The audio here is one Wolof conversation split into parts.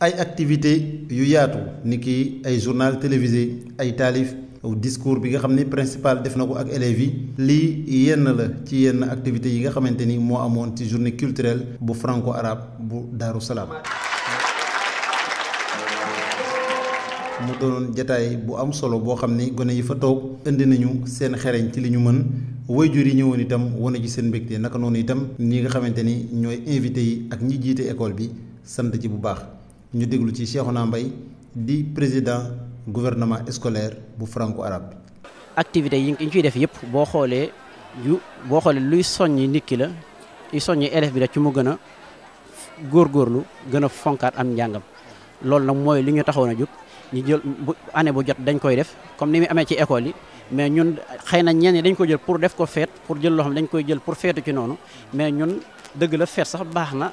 ay activité yu yaatu ni ki ay journal télévisé ay taalif discours bi nga xam ni principal def na ko ak élèves yi lii yenn la ci yenn activités yi nga xamante ni moo amoon ci journée culturel bu franco arabe bu Daaru Salaam mu doonoon jataay bu am solo boo xam ni gone yi fa toog indi nañu seen xereñ ci li ñu mën waajur yi ñëwoon itam wane ci seen mbégte naka noonu itam ñi nga xamante ni ñooy invité yi ak ñi jiite école bi sant ci bu baax ñu déglu ci Cheikhouna Mbaye di président gouvernement scolaire bu franco arabe activité yi ngi ciy def yépp boo xoolee yu boo xoolee luy soññi nit ki la i soññi élève bi la ci mu gën a góorgóorlu gën a fonkaat am njàngam loolu nag mooy li ñu taxawoon a jóg ñu jël bu année bu jot dañ koy def comme ni muy amee ci école yi mais ñun xëy na ñenn dañ ko jël pour def ko feet pour jël loo xam dañ koy jël pour feetu ci noonu mais ñun dëgg la feet sax baax na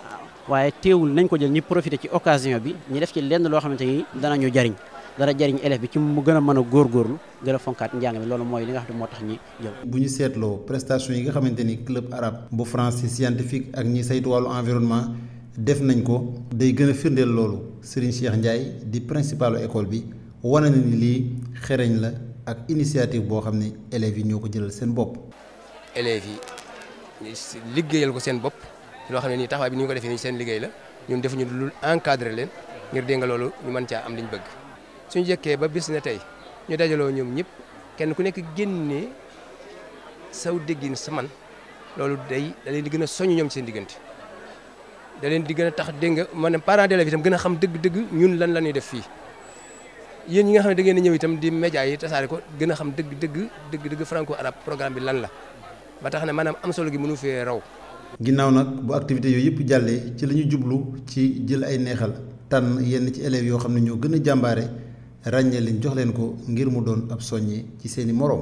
waaye teewul nañ ko jël ñu profité ci occasion bi ñu def ci lenn loo xamante ni danañu jariñ dara jariñ élève bi ci mu gëna mëna gor a góorgóorlu gën a fonkaat njàng mi loolu mooy li nga xam ne moo tax ñi jël bu ñu seetloo prestation yi nga xamante ni club arab bu français scientifique ak ñi saytu wàllu environnement def nañ ko day gën a firndeel loolu Serigne Cheikh Ndiaye di principalu école bi wane na ni lii xereñ la ak initiative boo xam ne élèves yi ñoo ko jëlal seen bopp élèves yi liggéeyal ko seen bopp lo loo ni taxaw bi ni ñu ko defé ni seen liggéey la ñun defu ñu lu encadrer leen ngir dénga lolu ñu mën ci am liñ bëgg suñu jëkkee ba bis na tay ñu dajalo ñoom ñëpp kenn ku nekk génné saw déggine sa man loolu day da leen di gëna soñu ñom seen digënté da leen di gëna tax dénga man parent de la itam gën a xam dëgg-dëgg ñun lan lañuy def fi yeen yi nga xam da ngeen ñëw itam di média yi tassari ko gëna xam dëgg dëgg dëgg dëgg franco arab programme bi lan la ba tax ne maanaam am solo gi mënu fi raw ginnaaw nag bu activités yooyu yëpp jàllee ci la ñu jublu ci jël ay neexal tànn yenn ci élèves yoo xam ne ñoo gën a jàmbaare ràññee leen jox leen ko ngir mu doon ab soññe ci seeni moroom